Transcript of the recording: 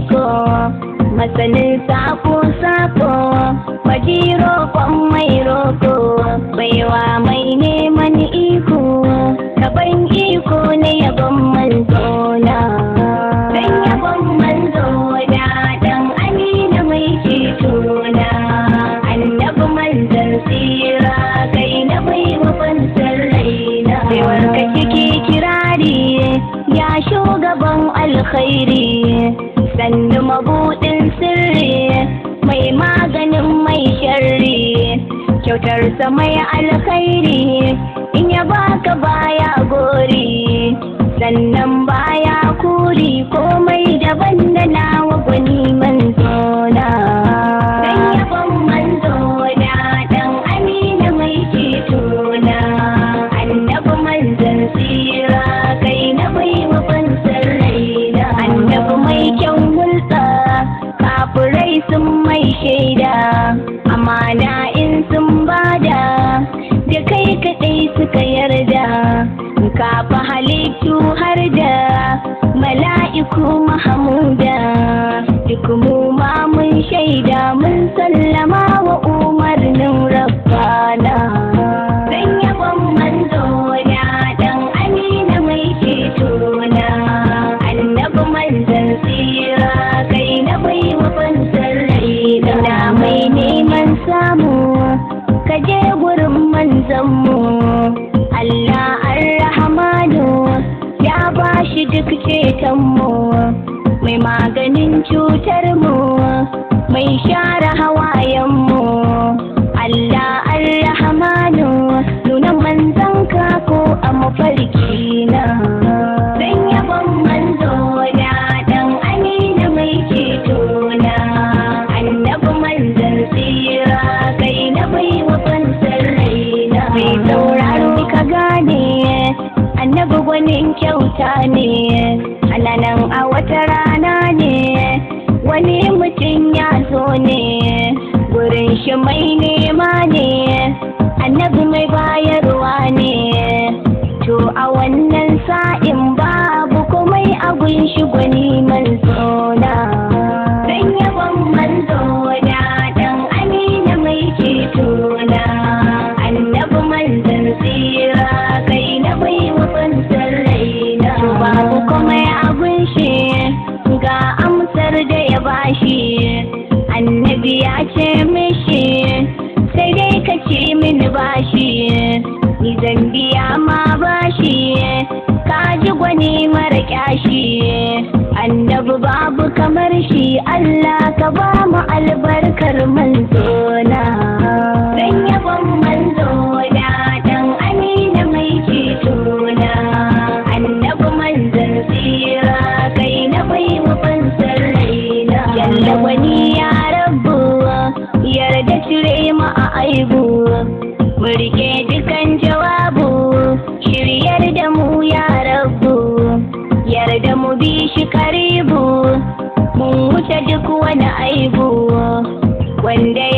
iko masanin sako sako kwaji roƙon mai roƙo baiwa mai neman iko gaban iko ne yabon manzo na dan yabon manzo na dan amina mai ceto na annabi manzon tsira kai na mai mafansar kirari ya shugaban alkhairi sannu mabuɗin sirri mai maganin mai sharri kyautarsa mai alkhairi in ya baka baya gori sannan baya kuri shaida amana in sun bada da kai kaɗai suka yarda ka fa halittu har da mala'iku mahamuda duk mu samu ka je gurin manzanmu Allah arrahmanu ya bashi duk cetonmu mai maganin cutarmu mai share hawayenmu Allah arrahmanu nuna manzanka ko a mafarki mata ne ananan a wata rana ne wani mutum ya zo ne gurin shi mai nema ne annabi mai bayarwa ne to a wannan sa'in babu komai a gun shi gwani ce mishi sai dai ka ce mini bashi ni zan biya ma bashi ka ji gwani mara kyashi annabi babu kamar shi Allah ka ba mu albarkar mu gaibu murke dukan jawabu shiryar da mu ya rabu yarda mu bi shi karibu mun wuce duk wani aibu wanda